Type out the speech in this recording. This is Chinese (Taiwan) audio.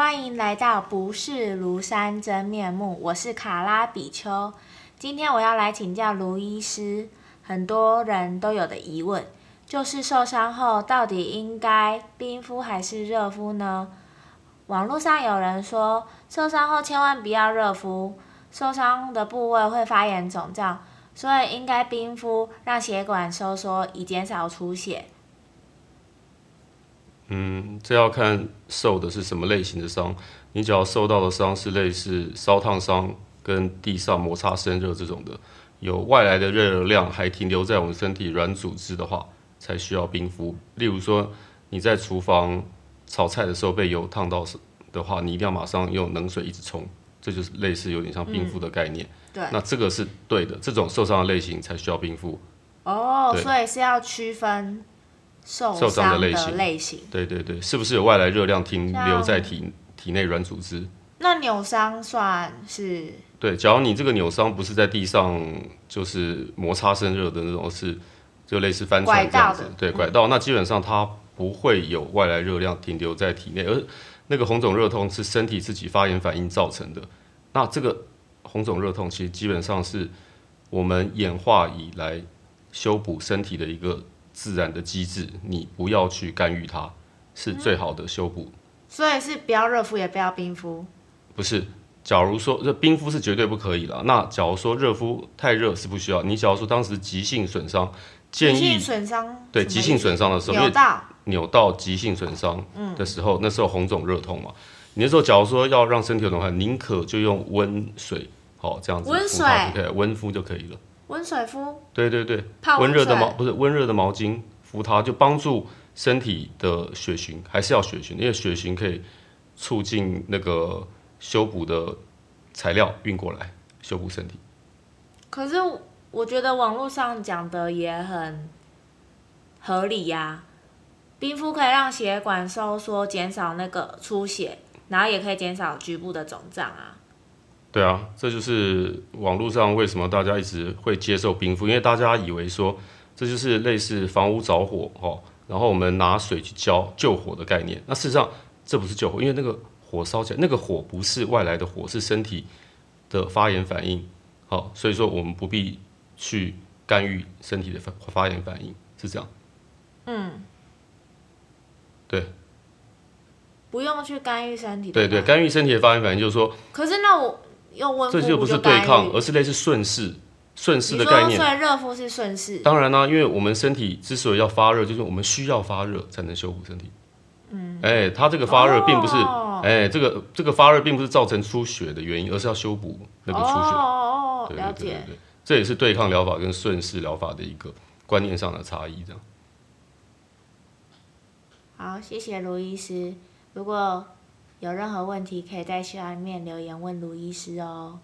歡迎來到不是廬山真面目，我是卡拉比丘。今天我要來請教盧醫師，很多人都有的疑問，就是受傷後到底應該冰敷還是熱敷呢？網絡上有人說，受傷後千萬不要熱敷，受傷的部位會發炎腫脹，所以應該冰敷，讓血管收縮，以減少出血。嗯，這要看受的是什麼類型的傷。你只要受到的傷是類似燒燙傷跟地上摩擦生熱這種的，有外來的熱熱量還停留在我們身體軟組織的話，才需要冰敷。例如說你在廚房炒菜的時候被油燙到的話，你一定要馬上用冷水一直沖，這就是類似有點像冰敷的概念。嗯、對，那這個是對的，這種受傷的類型才需要冰敷。哦，了所以是要區分。受傷的類型，對對對，是不是有外來熱量停留在體體內軟組織？那扭傷算是對，假如你這個扭傷不是在地上就是摩擦生熱的那種，是就類似翻船這樣子，對，拐到，那基本上它不會有外來熱量停留在體內，而那個紅腫熱痛是身體自己發炎反應造成的。那這個紅腫熱痛其實基本上是我們演化以來修補身體的一個，自然的機制，你不要去干預它，是最好的修補、嗯。所以是不要熱敷，也不要冰敷。不是，假如說，這冰敷是絕對不可以了。那假如說熱敷太熱是不需要。你假如說當時急性損傷，建議急性損傷對急性損傷對的時候扭到扭到急性損傷的、嗯、的時候，那時候紅腫熱痛嘛。你那時候假如說要讓身體暖和，寧可就用溫水好，這樣子溫水，溫敷就可以了。溫水敷，對對對，溫熱的毛，不是溫熱的毛巾敷它，就幫助身體的血循，還是要血循，因為血循可以促進那個修補的材料運過來修補身體。可是我覺得網絡上講的也很合理呀、啊，冰敷可以讓血管收縮，減少那個出血，然後也可以減少局部的腫脹啊。對啊，這就是網絡上為什麼大家一直會接受冰敷，因為大家以為說這就是類似房屋着火哦，然後我們拿水去澆救火的概念。那事實上這不是救火，因為那個火燒起來，那個火不是外來的火，是身體的發炎反應。好、哦，所以說我們不必去干預身體的發發炎反應，是這樣。嗯，對，不用去干預身體的。對對，干預身體的發炎反應就是說。可是那我。問，就這就不是對抗，而是類似順勢、順勢的概念。你說說熱敷是順勢，當然呢、啊，因為我們身體之所以要發熱，就是我們需要發熱才能修復身體。嗯，哎，它這個發熱並不是，哦、哎，這個這個發熱並不是造成出血的原因，而是要修補那個出血。哦哦哦，了解，對對對對。這也是對抗療法跟順勢療法的一個觀念上的差異，這樣。好，謝謝盧醫師。如果有任何問題，可以在下面留言問盧醫師哦。